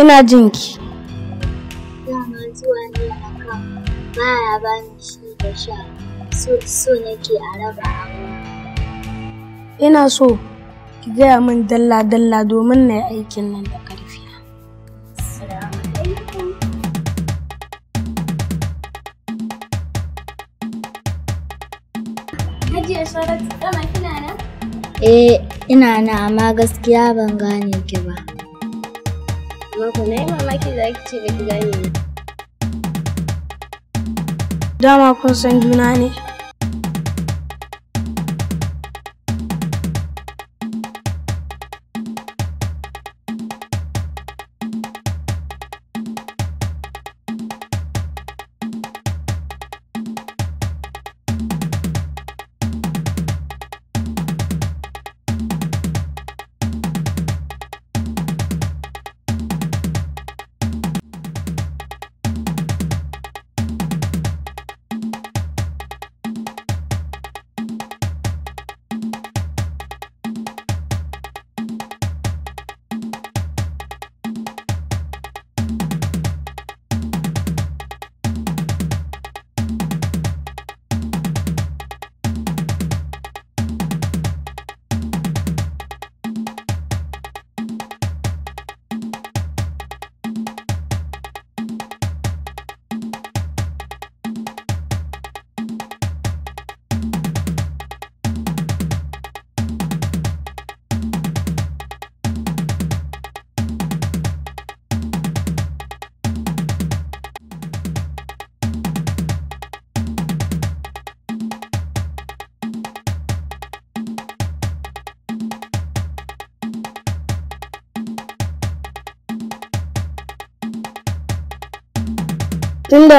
Ina jin ki. Dama zuwa ne akan baya bani shi da sha so so nake a raba abu. Ina so ki gaya min dalla-dalla domin na yi aikin nan da ƙarfi. Hajiya Sharatu, dama kina nan? Eh, ina na amma gaskiya ban gane ki ba. yi mamaki Dama kun san juna ne.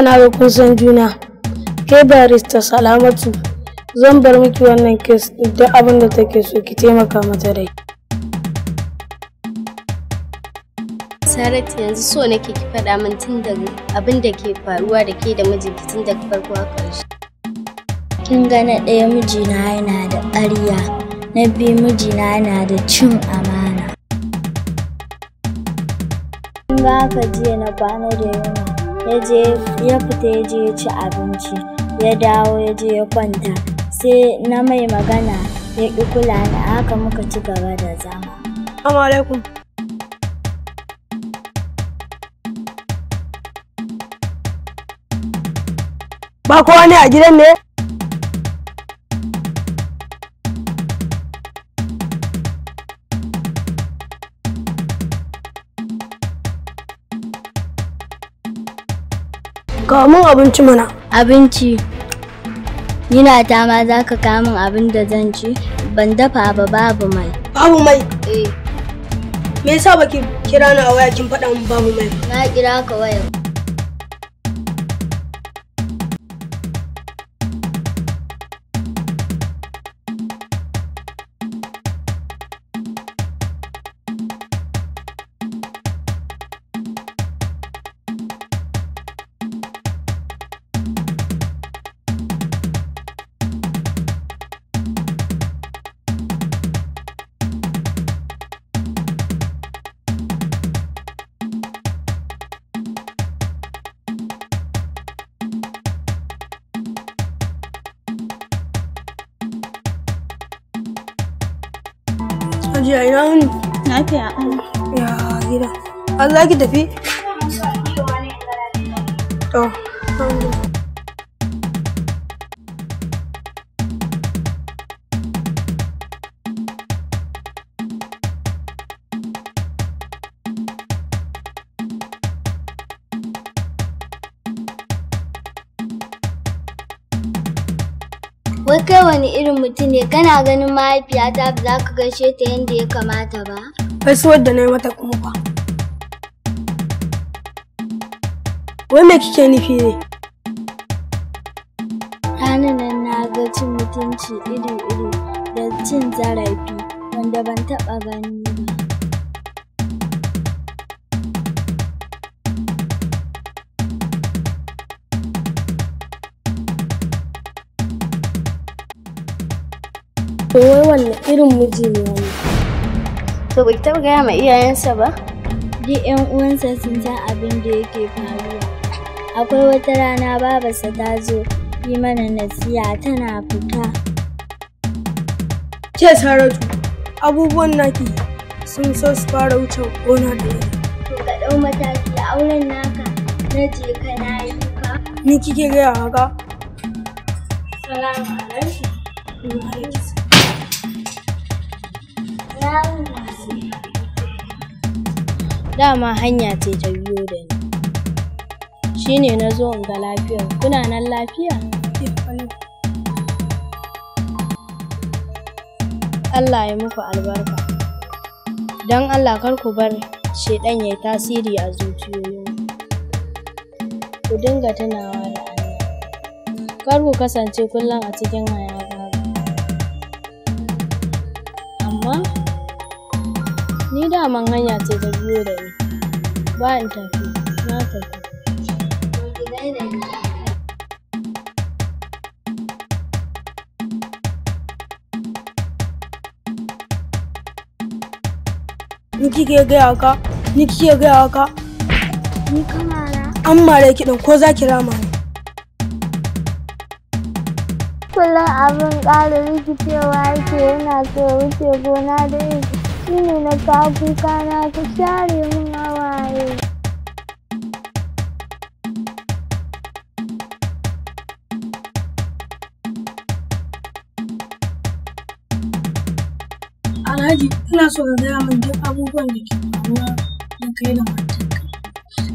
duka na ga kun san juna ke barista salamatu zan bar miki wannan kes da abin da take so ki taimaka mata dai Saratu yanzu so nake ki faɗa min tun da abin da ke faruwa da ke da mijinki tun daga farko a ƙarshe. Kin ga na ɗaya mijina yana da ƙarya, na biyu mijina yana da cin amana. Kin ga haka jiya na kwana da yawa. ya fita ya je ya ci abinci ya dawo ya je ya kwanta sai na mai magana ya ƙi kula ni haka muka ci gaba da zama. alaikum. Ba kowa ne a gidan ne? Kawo abinci mana. Abinci. yana ta ma za ka kamun abin da zan ci? Ban dafa ba babu mai. Babu mai? Eh. Me yasa baki kira ni a waya kin faɗa min babu mai? Na kira ka waya. Allah ki tafi? To, Wai kai wani irin mutum ne kana ganin mahaifiyata ba za ka gaishe ta yadda ya kamata ba? Gaisuwar da na yi mata kuma ba. wai me kike nufi ne ranar nan na ga cin mutunci iri-iri da cin zarafi wanda ban taɓa gani ba wai wanne irin miji ne wani? To bai taɓa gaya ma iyayensa ba? Duk 'yan uwansa sun san abin da yake faruwa. akwai wata rana babarsa ta zo yi mana nasiya tana fita ke saratu abubuwan naki sun so su fara wuce gona da yawa to ka ɗau mataki auren naka na je ka na yi ka ni kike gaya haka salamu alaikum dama hanya ce ta biyo da ni shi ne na zo in ga lafiyar kuna nan lafiya? Allah ya muku albarka don Allah kar ku bar shaidan ya yi tasiri a zuciyoyin ku dinga tunawa da kar ku kasance kullum a cikin hayaka amma ni daman hanya ce ta biyo da ni ba in tafi na tafi yanayi ni kike gaya haka ni kike gaya haka ni kamara an mare ki din ko zaki rama ne kullum abin ƙara rikicewa yake yana so wuce gona da yin shi ne na kawo kuka na ta share mu so ka gaya min duk abubuwan da ke faruwa da kai da matarka.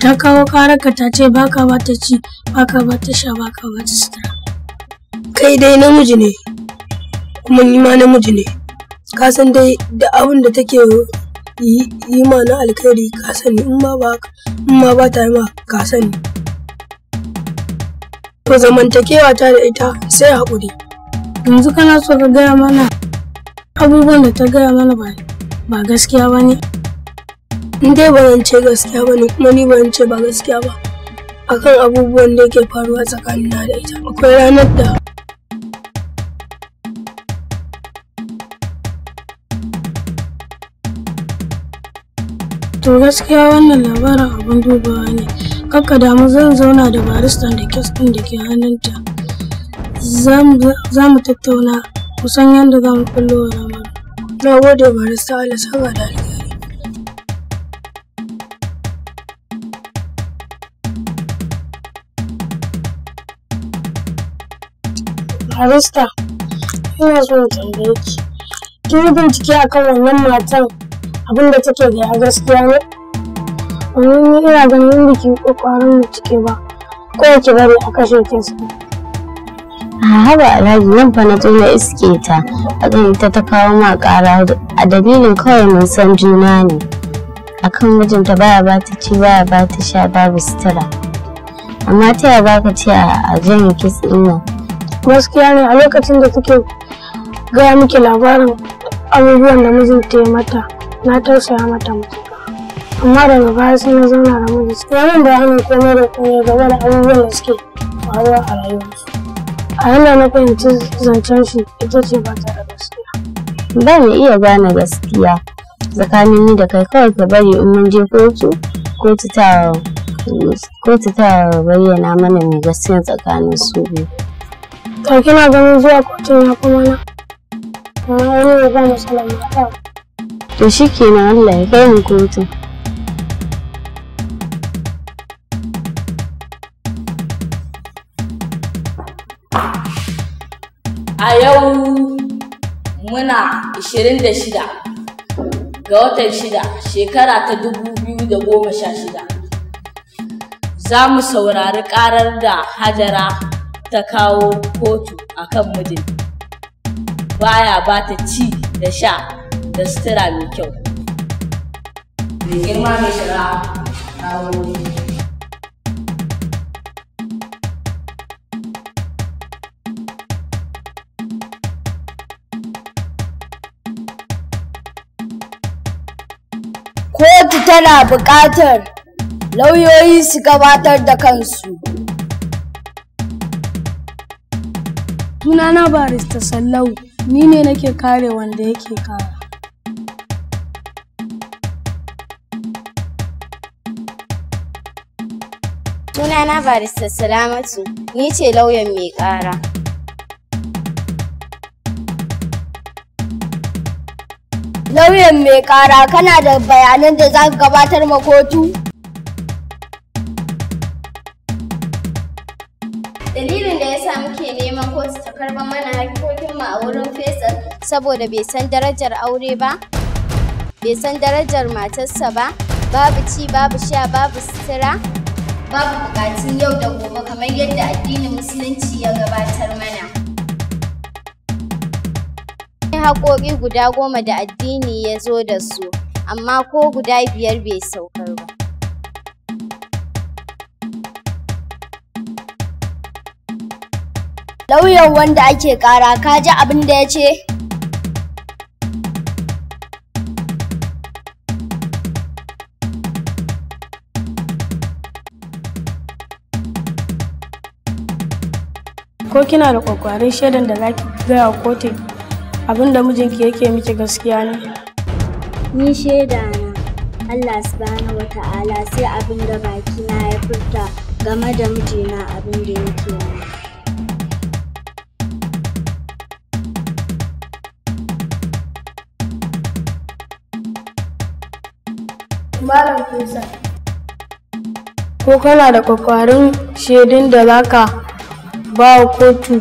Ta kawo ƙararka ta ce ba ka ba ta ci, ba ka ba ta sha, ba ka ba ta sita. Kai dai namiji ne, kuma ni ma namiji ne. Ka san dai da abin da take yi ma na alkhairi ka sani in ma ba in ma ba ta yi ma ka sani. To zamantakewa ta da ita sai haƙuri. Yanzu kana so ka gaya mana abubuwan da ta gaya mana ba ba gaskiya ba ne dai ba ce gaskiya ba ne kuma ni ba ce ba gaskiya ba akan abubuwan da yake faruwa tsakanina da ita akwai ranar da to gaskiya wannan labarin abin dubawa ne kakka damu zan zauna da baristan da kes ɗin da ke hannunta za mu tattauna kusan yadda za mu kullo Na gode barista Allah saka da alheri. Barista, ina son tambaye ki. yi bincike akan wannan matan abin da take gaya gaskiya ne? Wani ni ina ganin biki ƙwaƙwarin da cike ba. ko ki bari a kashe kinsa. haba alhaji nan fa na zo iske ta akan ita ta kawo ma kara. a dalilin kawai mun san juna ne akan mijinta baya ba ta ci baya ba ta sha babu sutura amma ta yaya za ka ce a janye kis nan gaskiya ne a lokacin da kuke gaya miki labarin abubuwan da mijinta ya mata na tausaya mata matuƙa amma daga baya sai na zauna da mijinta ya min bayanin komai da komai game da abubuwan da suke faruwa a rayuwarsu a yanda na fahimci zancen shi ita ce ba ta da gaskiya ba ni iya gane gaskiya tsakanin ni da kai kawai ka bari in mun je kotu ko ta ta bayyana mana mai gaskiya tsakanin su biyu to kina ganin zuwa kotun ya kuma na Amma wani ya ba mu salama to kenan Allah ya kai mu kotun na 26 ga watan shida, shekara ta dubu biyu da goma sha shida. za mu saurari karar da hajara ta kawo kotu a kan mijin baya ba ta ci da sha da sutura mai kyau mai girma mai shara na wani kotu tana buƙatar lauyoyi su gabatar da kansu. Sunana barista Sallau, ni ne nake kare wanda yake kara. Sunana barista Salamatu, ni ce lauyan mai kara. Lauyan mai kara kana da bayanan da za ka gabatar ma kotu? Dalilin da ya sa muke neman kotu ta karɓar mana mu a wurin fesa, saboda bai san darajar aure ba, bai san darajar matarsa ba, babu ci babu sha babu sutura, babu buƙatun yau da gobe kamar yadda addinin musulunci ya gabatar mana. haƙoƙi guda goma da addini ya zo da su, amma ko guda biyar bai saukar ba. Lauyan wanda ake ƙara ka ji abin da ya ce? Ko kina da kwakwarin shaidan da za ki gaya abin da mijinki yake miki gaskiya ne ni shaida na Allah subhanahu wa ta'ala sai abin da baki na ya furta game da mijina abin da yake yi Malam Ko kana da kwakwarin shaidun da za ka ba wa kotu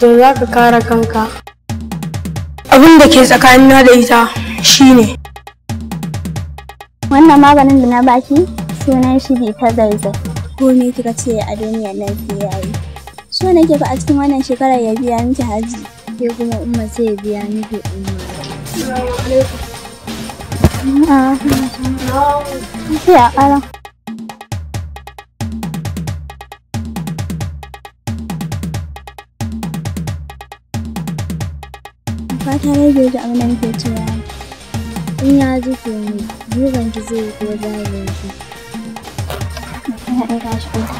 da za ka kare kanka? da ke tsakanin da ita shine wannan maganin da na baki sunan shi ta dipazazai ko ne kika ce a duniya nan ke yayi so nake fa a cikin wannan shekarar ya biya miki haji ke kuma umma sai ya biya miki umma Assalamu alaikum. Ya ƙara. fata dai bai ji abin da muke cewa in ya ji to ne jiran ki zai ko zai ki ina aika shi ko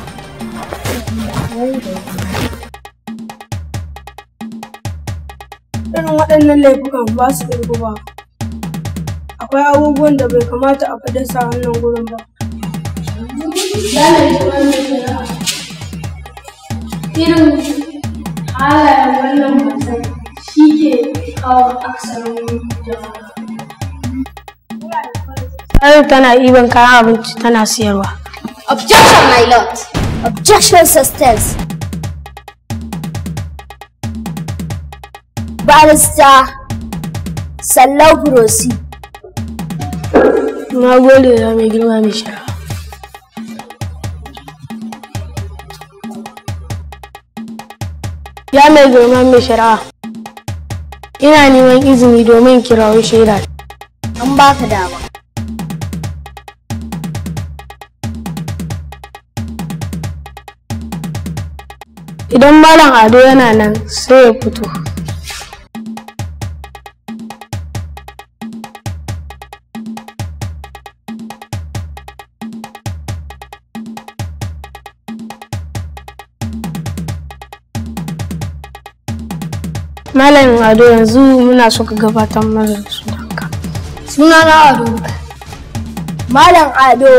irin waɗannan laifukan ba su ɗirgu ba akwai abubuwan da bai kamata a faɗi sa wannan gurin ba irin halayen wannan wasan kawo tana iban kayan abinci tana siyarwa. Objection, my lord! Objection, sustains! Barista Sallau Na gode da mai girma mai shara. Ya mai girma mai Ina neman izini domin kirawo shaida. An baka dama. Idan Malam Ado yana nan sai ya fito. Malam Ado yanzu muna so ka gabatar mana sunanka. sunanka. Sunana Ado. Malam Ado,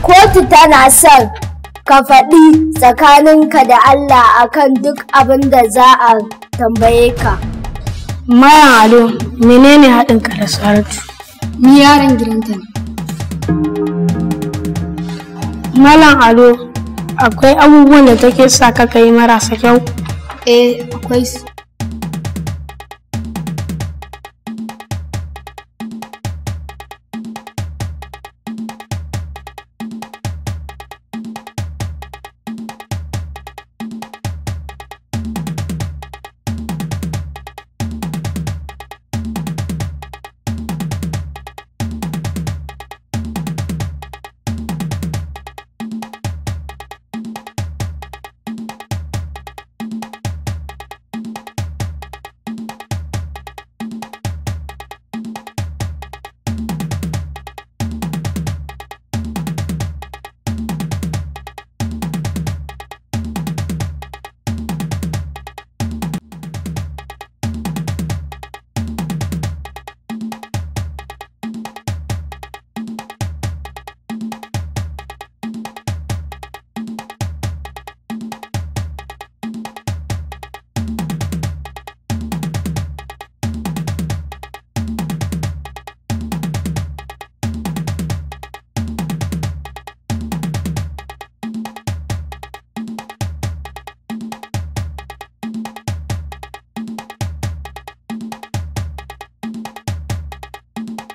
kotu tana son ka faɗi tsakaninka da Allah akan duk abin da za a tambaye ka. Malam Ado, menene ka da Saratu? Ni yaron gidanta ne. Malam Ado, akwai abubuwan da take sa ka kai marasa kyau? Eh, akwai su.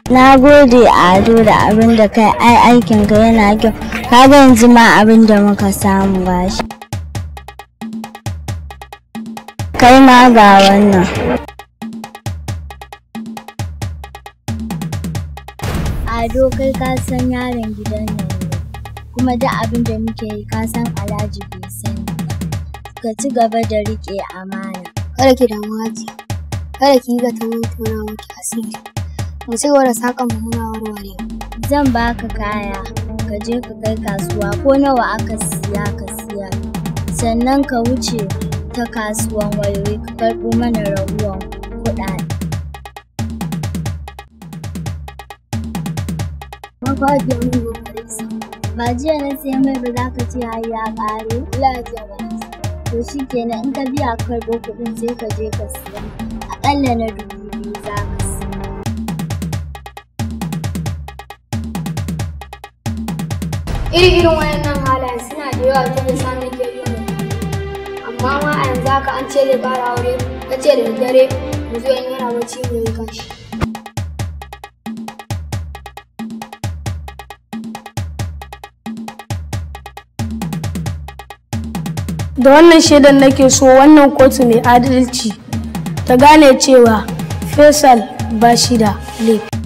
na gode ado da abin da kai ai aikinka yana kyau ga yanzu ma abin da muka samu ba shi. kai ma ga wannan ado kai ka san yaron gidan nan kuma duk abin da muke yi ka san alhaji bai sani ka ci gaba da riƙe amana kada ki damuwa ki, kada ki yi zaton tona miki asiri mu ci gaba da saƙon mu warware zan baka kaya ka je ka kai kasuwa ko nawa aka siya ka siya sannan ka wuce ta kasuwan wayoyi ka karɓo mana rahuwan kuɗaɗe ba jiya na siya mai ba za ka ce har ya ƙare lafiya ba to shi kenan in ka biya karɓo kuɗin sai ka je ka siya aƙalla na dubu iri-irin wayannan halayen suna da yawa tun da samun amma ma a yanzu haka an ce zai ƙara aure ta ce da dare mu zo yana bacci ne ya kashi da wannan shaidar nake so wannan kotu ne adalci ta gane cewa faisal ba shi da laifi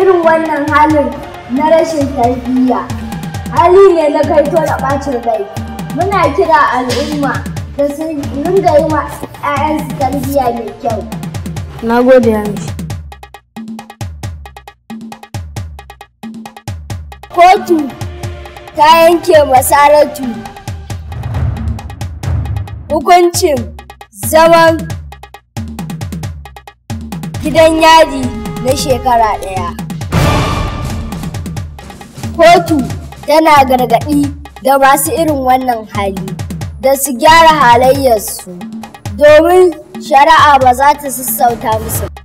irin wannan halin na rashin tarbiyya hali ne na kaito da ɓacin rai muna kira al'umma da su ringa yi wa 'ya'yansu tarbiyya mai kyau na gode kotu ta yanke masaratu hukuncin zaman gidan yadi na shekara ɗaya. kotu tana gargaɗi da masu irin wannan hali da su gyara halayyarsu domin shari'a ba za ta sassauta musu